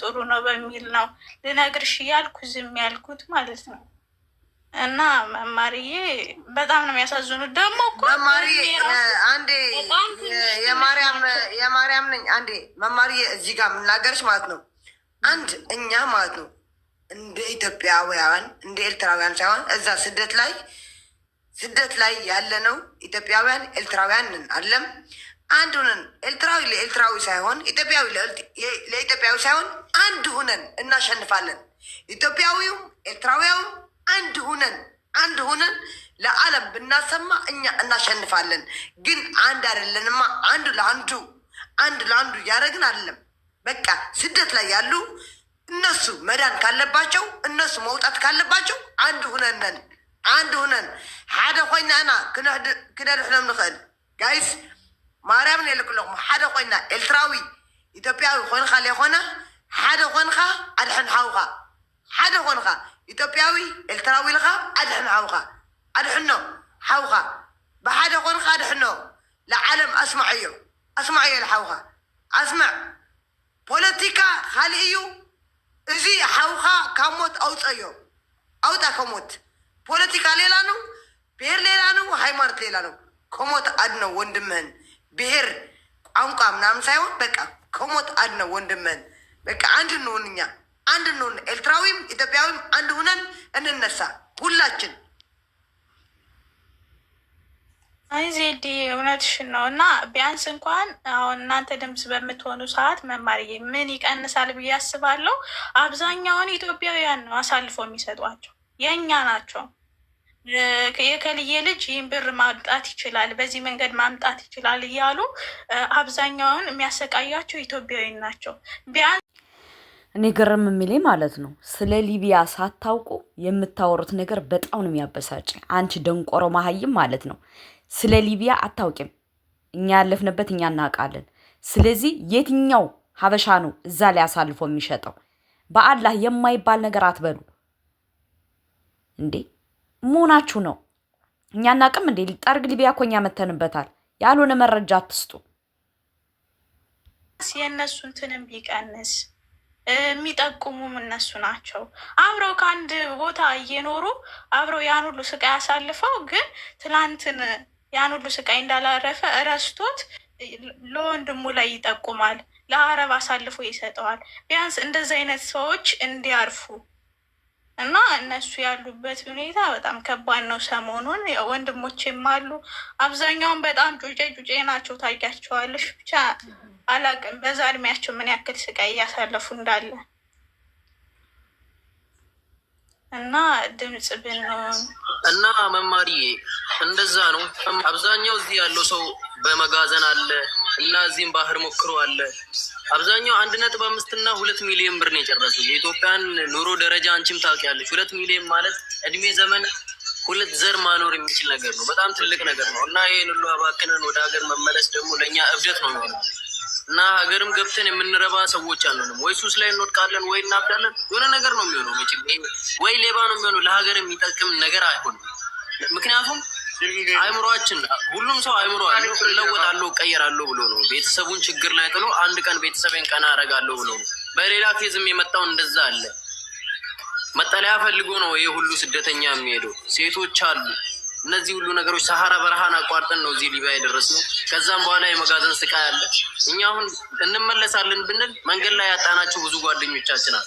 ጥሩ ነው በሚል ነው ልነግርሽ እያልኩ ዝም ያልኩት ማለት ነው። እና መማርዬ በጣም ነው የሚያሳዝኑት። ደግሞ እኮ አንዴ የማርያም ነኝ አንዴ መማርዬ እዚህ ጋር የምናገርሽ ማለት ነው። አንድ እኛ ማለት ነው እንደ ኢትዮጵያውያን እንደ ኤርትራውያን ሳይሆን እዛ ስደት ላይ ስደት ላይ ያለነው ኢትዮጵያውያን ኤርትራውያን አለም አንድ ሁነን ኤርትራዊ ለኤርትራዊ ሳይሆን ኢትዮጵያዊ ለኢትዮጵያዊ ሳይሆን አንድ ሁነን እናሸንፋለን። ኢትዮጵያዊውም ኤርትራዊያውም አንድ ሁነን አንድ ሁነን ለዓለም ብናሰማ እኛ እናሸንፋለን። ግን አንድ አይደለንማ። አንዱ ለአንዱ አንድ ለአንዱ እያደረግን አይደለም። በቃ ስደት ላይ ያሉ እነሱ መዳን ካለባቸው እነሱ መውጣት ካለባቸው አንድ ሁነን አንድ ሁነን ሓደ ኮይናና ክነድሕኖም ንኽእል ጋይስ ማርያምን እየ ልክለኹም ሓደ ኮይንና ኤርትራዊ ኢትዮጵያዊ ኮይንካ ዘይኮነ ሓደ ኮንካ ኣድሕን ሓውካ ሓደ ኮንካ ኢትዮጵያዊ ኤርትራዊ ኢልካ ኣድሕን ሓውካ ኣድሕኖ ሓውካ ብሓደ ኮንካ ኣድሕኖ ንዓለም ኣስማዕ እዮ ኣስማዕ እዮ ዝሓውካ ኣስማዕ ፖለቲካ ካሊእ እዩ እዚ ሓውካ ካብ ሞት ኣውፀዮ ኣውጣ ከሞት ፖለቲካ ሌላ ነው ብሄር ሌላ ነው ሃይማኖት ሌላ ነው ከሞት ኣድነው ወንድምህን ብሔር፣ ቋንቋ ምናምን ሳይሆን በቃ ከሞት አድነው ወንድምን በቃ አንድ እንሆን እኛ አንድ እንሆን፣ ኤርትራዊም ኢትዮጵያዊም አንድ ሁነን እንነሳ ሁላችን። አይ ዜዲ እውነትሽን ነው። እና ቢያንስ እንኳን አሁን እናንተ ድምፅ በምትሆኑ ሰዓት መማርዬ ምን ይቀንሳል ብዬ አስባለሁ። አብዛኛውን ኢትዮጵያውያን ነው አሳልፎ የሚሰጧቸው የእኛ ናቸው። የከልዬ ልጅ ይህን ብር ማምጣት ይችላል፣ በዚህ መንገድ ማምጣት ይችላል እያሉ አብዛኛውን የሚያሰቃያቸው ኢትዮጵያዊ ናቸው። ቢያንስ እኔ ግርም የሚለኝ ማለት ነው ስለ ሊቢያ ሳታውቁ የምታወሩት ነገር በጣም ነው የሚያበሳጭ። አንቺ ደንቆሮ መሀይም ማለት ነው። ስለ ሊቢያ አታውቂም። እኛ ያለፍንበት እኛ እናውቃለን። ስለዚህ የትኛው ሀበሻ ነው እዛ ላይ አሳልፎ የሚሸጠው? በአላህ የማይባል ነገር አትበሉ እንዴ! መሆናችሁ ነው። እኛ እናቅም እንዴ? ጠርግ ሊቢያ እኮ እኛ መተንበታል። ያልሆነ መረጃ አትስጡ። የእነሱ እንትንም ቢቀንስ የሚጠቁሙም እነሱ ናቸው። አብረው ከአንድ ቦታ እየኖሩ አብረው ያን ሁሉ ስቃይ አሳልፈው ግን ትናንትን ያን ሁሉ ስቃይ እንዳላረፈ እረስቶት ለወንድሙ ላይ ይጠቁማል፣ ለአረብ አሳልፎ ይሰጠዋል። ቢያንስ እንደዚህ አይነት ሰዎች እንዲያርፉ እና እነሱ ያሉበት ሁኔታ በጣም ከባድ ነው። ሰሞኑን ወንድሞቼም አሉ። አብዛኛውን በጣም ጩጬ ጩጬ ናቸው። ታያቸዋለሽ። ብቻ አላቅም በዛ እድሜያቸው ምን ያክል ስቃይ እያሳለፉ እንዳለ እና ድምፅ ብንሆን እና መማሪዬ እንደዛ ነው። አብዛኛው እዚህ ያለው ሰው በመጋዘን አለ እና እዚህም ባህር ሞክሮ አለ። አብዛኛው አንድ ነጥብ አምስት እና ሁለት ሚሊዮን ብር ነው የጨረሱ። የኢትዮጵያን ኑሮ ደረጃ አንቺም ታውቂያለሽ። ሁለት ሚሊዮን ማለት እድሜ ዘመን ሁለት ዘር ማኖር የሚችል ነገር ነው። በጣም ትልቅ ነገር ነው እና ይህን ሁሉ አባክነን ወደ ሀገር መመለስ ደግሞ ለእኛ እብደት ነው። እና ሀገርም ገብተን የምንረባ ሰዎች አለንም ወይ ሱስ ላይ እንወድቃለን፣ ወይ እናብዳለን። የሆነ ነገር ነው የሚሆነው፣ ወይ ሌባ ነው የሚሆነው። ለሀገር የሚጠቅም ነገር አይሆንም። ምክንያቱም አይምሯችን ሁሉም ሰው አይምሮ አለው እለወጣለሁ እቀየራለሁ ብሎ ነው። ቤተሰቡን ችግር ላይ ጥሎ አንድ ቀን ቤተሰብን ቀና አደርጋለሁ ብሎ ነው። በሌላ ፌዝም የመጣው እንደዛ አለ። መጠለያ ፈልጎ ነው ይህ ሁሉ ስደተኛ የሚሄደው። ሴቶች አሉ እነዚህ ሁሉ ነገሮች ሰሐራ በረሃን አቋርጠን ነው እዚህ ሊቢያ የደረስነው። ከዛም በኋላ የመጋዘን ስቃይ አለ። እኛ አሁን እንመለሳለን ብንል መንገድ ላይ ያጣናቸው ብዙ ጓደኞቻችን አሉ።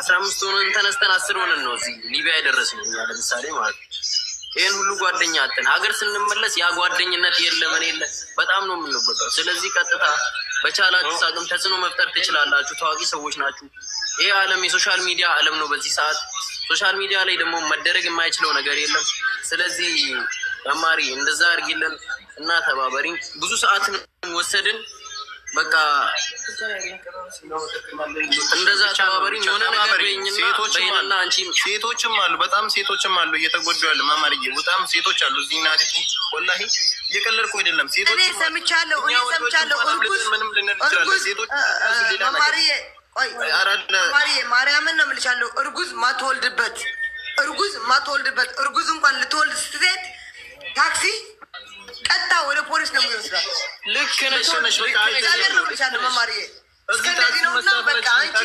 አስራ አምስት ሆነን ተነስተን አስር ሆነን ነው እዚህ ሊቢያ የደረስነው እኛ ለምሳሌ ማለት ነው። ይህን ሁሉ ጓደኛ አጥተን ሀገር ስንመለስ ያ ጓደኝነት የለምን የለ በጣም ነው የምንጎዳው። ስለዚህ ቀጥታ በቻላችሁ ሳቅም ተጽዕኖ መፍጠር ትችላላችሁ። ታዋቂ ሰዎች ናችሁ። ይህ ዓለም የሶሻል ሚዲያ ዓለም ነው በዚህ ሰዓት ሶሻል ሚዲያ ላይ ደግሞ መደረግ የማይችለው ነገር የለም። ስለዚህ መማሪ እንደዛ አድርጊልን እና ተባበሪ። ብዙ ሰዓትን ወሰድን። በቃ እንደዛ ተባበሪ። የሆነ ነገር ኝና ሴቶችም አሉ፣ በጣም ሴቶችም አሉ እየተጎዱ ያሉ መማሪ፣ በጣም ሴቶች አሉ እዚህ ና ወላሂ እየቀለድኩ አይደለም። ሴቶች ሰምቻለሁ፣ ሰምቻለሁ። ምንም ልንል ይችላለን ሴቶች ሌላ ነገር ማርያምን ነው የምልሻለሁ። እርጉዝ ማትወልድበት እርጉዝ ማትወልድበት እርጉዝ እንኳን ልትወልድ ስትሄድ ታክሲ ቀጥታ ወደ ፖሊስ ነው የሚወስዳት። ልክ ነሽ ነሽ መማርዬ እስከዚህ ነውና በቃ አንቺ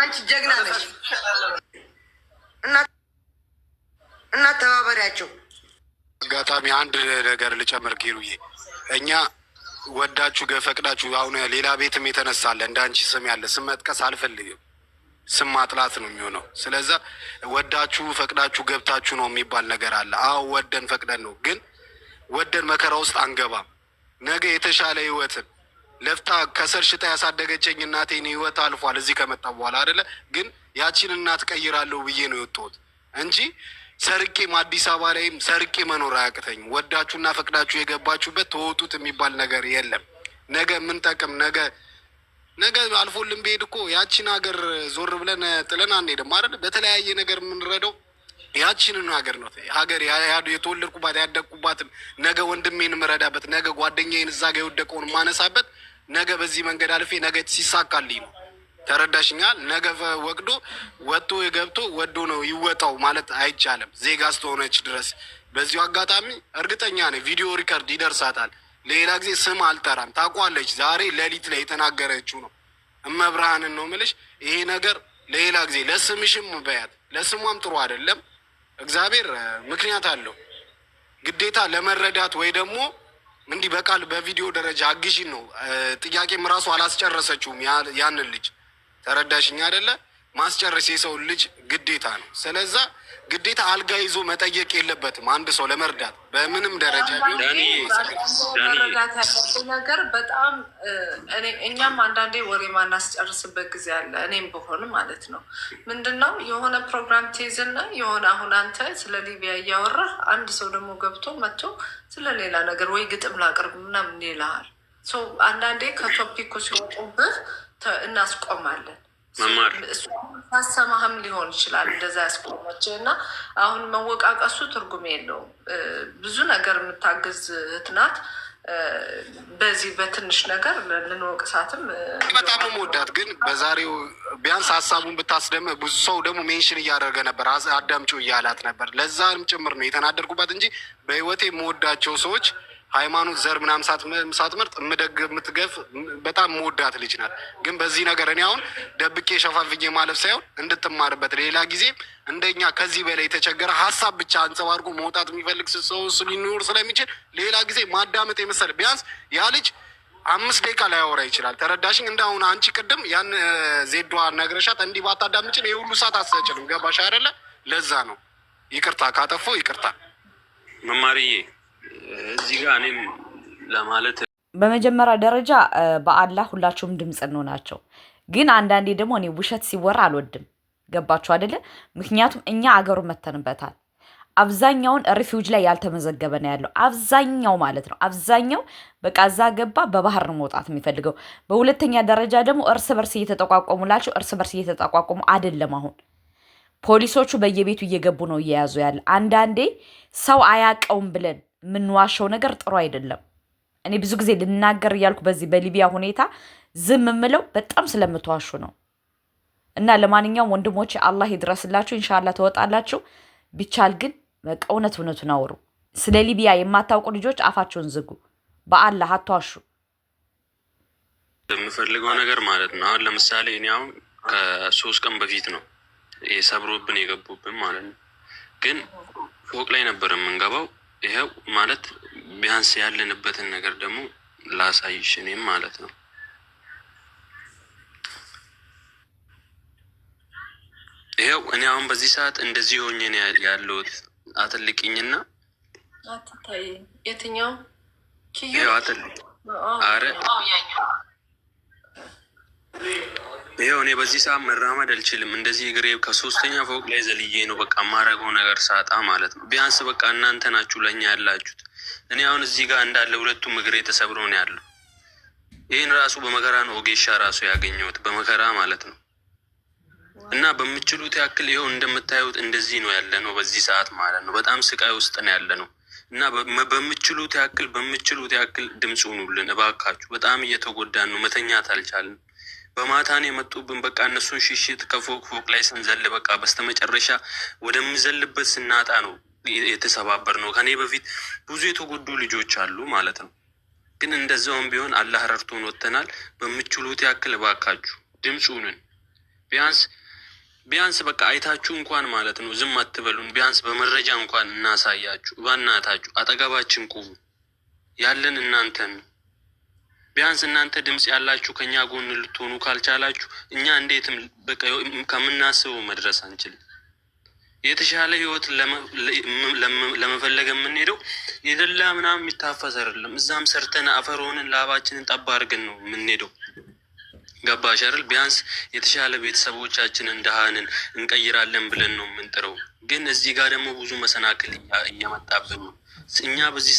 አንቺ ጀግና ነሽ እና ተባበሪያቸው። አጋጣሚ አንድ ነገር ልጨምር ጌሩዬ እኛ ወዳችሁ ገፈቅዳችሁ አሁን ሌላ ቤትም የተነሳለ እንደ አንቺ ስም ያለ ስም መጥቀስ አልፈልግም። ስም ማጥላት ነው የሚሆነው። ስለዛ ወዳችሁ ፈቅዳችሁ ገብታችሁ ነው የሚባል ነገር አለ። አዎ ወደን ፈቅደን ነው፣ ግን ወደን መከራ ውስጥ አንገባም። ነገ የተሻለ ህይወትን ለፍታ ከሰር ሽጣ ያሳደገችኝ እናቴን ህይወት አልፏል እዚህ ከመጣ በኋላ አደለ። ግን ያቺን እናት ቀይራለሁ ብዬ ነው የወጣሁት እንጂ ሰርቄም አዲስ አበባ ላይም ሰርቄ መኖር አያቅተኝ። ወዳችሁና ፈቅዳችሁ የገባችሁበት ተወጡት የሚባል ነገር የለም። ነገ የምንጠቅም ነገ ነገ አልፎልን ብሄድ እኮ ያቺን ሀገር ዞር ብለን ጥለን አንሄድም አይደል? በተለያየ ነገር የምንረዳው ያቺንን ሀገር ነው። ሀገር የተወለድኩባት ያደግኩባትን ነገ ወንድሜን የምረዳበት ነገ ጓደኛዬን እዛ ጋ የወደቀውን ማነሳበት ነገ በዚህ መንገድ አልፌ ነገ ሲሳካልኝ ነው። ተረዳሽኛ? ነገ ወቅዶ ወጥቶ ገብቶ ወዶ ነው ይወጣው ማለት አይቻልም፣ ዜጋ ስተሆነች ድረስ። በዚሁ አጋጣሚ እርግጠኛ ነኝ ቪዲዮ ሪከርድ ይደርሳታል። ሌላ ጊዜ ስም አልጠራም፣ ታውቋለች። ዛሬ ሌሊት ላይ የተናገረችው ነው። እመብርሃንን ነው ምልሽ። ይሄ ነገር ሌላ ጊዜ ለስምሽም በያት፣ ለስሟም ጥሩ አይደለም። እግዚአብሔር ምክንያት አለው ግዴታ ለመረዳት ወይ ደግሞ እንዲህ በቃል በቪዲዮ ደረጃ አግዢን ነው ጥያቄም ራሱ አላስጨረሰችውም ያንን ልጅ ተረዳሽኛ አይደለ? ማስጨረስ የሰው ልጅ ግዴታ ነው። ስለዛ ግዴታ አልጋ ይዞ መጠየቅ የለበትም። አንድ ሰው ለመርዳት በምንም ደረጃ ነገር በጣም እኛም አንዳንዴ ወሬ ማናስጨርስበት ጊዜ አለ። እኔም በሆን ማለት ነው ምንድነው የሆነ ፕሮግራም ትይዝና የሆነ አሁን አንተ ስለ ሊቢያ እያወራህ አንድ ሰው ደግሞ ገብቶ መጥቶ ስለ ሌላ ነገር ወይ ግጥም ላቅርብ ምናምን ይልሃል። አንዳንዴ ከቶፒኩ ሲወጡብህ እናስቆማለን። ሳሰማህም ሊሆን ይችላል እንደዛ ያስቆመች እና አሁን መወቃቀሱ ትርጉም የለውም። ብዙ ነገር የምታግዝ እህት ናት። በዚህ በትንሽ ነገር ልንወቅሳትም በጣም መወዳት ግን በዛሬው ቢያንስ ሀሳቡን ብታስደመ ብዙ ሰው ደግሞ ሜንሽን እያደረገ ነበር፣ አዳምጪው እያላት ነበር። ለዛም ጭምር ነው የተናደርኩባት እንጂ በህይወቴ የምወዳቸው ሰዎች ሃይማኖት፣ ዘር ምናምን ሳትመርጥ ምደግ የምትገፍ በጣም መወዳት ልጅ ናት። ግን በዚህ ነገር እኔ አሁን ደብቄ ሸፋፍዬ ማለፍ ሳይሆን እንድትማርበት ሌላ ጊዜ እንደኛ ከዚህ በላይ የተቸገረ ሀሳብ ብቻ አንጸባርቆ መውጣት የሚፈልግ ሰው ሊኖር ስለሚችል ሌላ ጊዜ ማዳመጥ የመሰለ ቢያንስ ያ ልጅ አምስት ደቂቃ ላያወራ ይችላል። ተረዳሽኝ? እንደ አሁን አንቺ ቅድም ያን ዜዷ ነግረሻት እንዲህ ባታዳምጪን ይህ ሁሉ ሰዓት አትሰጭንም። ገባሽ አይደለ? ለዛ ነው። ይቅርታ ካጠፎ ይቅርታ መማርዬ እዚህ ጋር እኔም ለማለት በመጀመሪያ ደረጃ በአላህ ሁላችሁም ድምፅ እንሆናቸው። ግን አንዳንዴ ደግሞ እኔ ውሸት ሲወራ አልወድም። ገባችሁ አደለ? ምክንያቱም እኛ አገሩ መተንበታል። አብዛኛውን ሪፊውጅ ላይ ያልተመዘገበ ነው ያለው። አብዛኛው ማለት ነው አብዛኛው በቃ እዛ ገባ በባህር ነው መውጣት የሚፈልገው። በሁለተኛ ደረጃ ደግሞ እርስ በርስ እየተጠቋቆሙላቸው እርስ በርስ እየተጠቋቆሙ አይደለም። አሁን ፖሊሶቹ በየቤቱ እየገቡ ነው እየያዙ ያለ። አንዳንዴ ሰው አያቀውም ብለን የምንዋሸው ነገር ጥሩ አይደለም። እኔ ብዙ ጊዜ ልናገር እያልኩ በዚህ በሊቢያ ሁኔታ ዝም የምለው በጣም ስለምትዋሹ ነው። እና ለማንኛውም ወንድሞች አላህ ይድረስላችሁ። እንሻላ ትወጣላችሁ። ቢቻል ግን በቃ እውነት እውነቱን አውሩ። ስለ ሊቢያ የማታውቁ ልጆች አፋቸውን ዝጉ። በአላህ አትዋሹ። የምፈልገው ነገር ማለት ነው። አሁን ለምሳሌ እኔ አሁን ከሶስት ቀን በፊት ነው የሰብሮብን የገቡብን ማለት ነው። ግን ፎቅ ላይ ነበር የምንገባው ይኸው ማለት ቢያንስ ያለንበትን ነገር ደግሞ ላሳይሽ እኔም ማለት ነው። ይኸው እኔ አሁን በዚህ ሰዓት እንደዚህ ሆኜ ነው ያለሁት። አትልቅኝና አትታይ የትኛው ኪዩ አትልቅ አረ ይኸው እኔ በዚህ ሰዓት መራመድ አልችልም። እንደዚህ እግሬ ከሶስተኛ ፎቅ ላይ ዘልዬ ነው በቃ ማረገው ነገር ሳጣ ማለት ነው። ቢያንስ በቃ እናንተ ናችሁ ለእኛ ያላችሁት። እኔ አሁን እዚህ ጋር እንዳለ ሁለቱም እግሬ ተሰብሮ ነው ያለው። ይህን ራሱ በመከራ ነው ኦጌሻ ራሱ ያገኘሁት በመከራ ማለት ነው። እና በምችሉት ያክል ይኸው እንደምታዩት እንደዚህ ነው ያለ ነው በዚህ ሰዓት ማለት ነው። በጣም ስቃይ ውስጥ ነው ያለ ነው። እና በምችሉት ያክል በምችሉት ያክል ድምፅ ሁኑልን እባካችሁ። በጣም እየተጎዳን ነው። መተኛት አልቻልን። በማታን የመጡብን በቃ እነሱን ሽሽት ከፎቅ ፎቅ ላይ ስንዘል በቃ በስተመጨረሻ ወደምዘልበት ስናጣ ነው የተሰባበር ነው። ከኔ በፊት ብዙ የተጎዱ ልጆች አሉ ማለት ነው። ግን እንደዛውም ቢሆን አላህ ረድቶን ወጥተናል። በምችሉት ያክል እባካችሁ ድምፁንን ቢያንስ ቢያንስ በቃ አይታችሁ እንኳን ማለት ነው ዝም አትበሉን። ቢያንስ በመረጃ እንኳን እናሳያችሁ። ባናታችሁ አጠገባችን ቁሙ። ያለን እናንተን ቢያንስ እናንተ ድምፅ ያላችሁ ከእኛ ጎን ልትሆኑ ካልቻላችሁ እኛ እንዴትም ከምናስበው መድረስ አንችልም። የተሻለ ህይወት ለመፈለግ የምንሄደው የደላ ምናምን የሚታፈስ አይደለም። እዛም ሰርተን አፈር ሆነን ላባችንን ጠባ አድርገን ነው የምንሄደው። ገባሽ አይደል? ቢያንስ የተሻለ ቤተሰቦቻችንን እንደሃንን እንቀይራለን ብለን ነው የምንጥረው። ግን እዚህ ጋር ደግሞ ብዙ መሰናክል እየመጣብን ነው እኛ በዚህ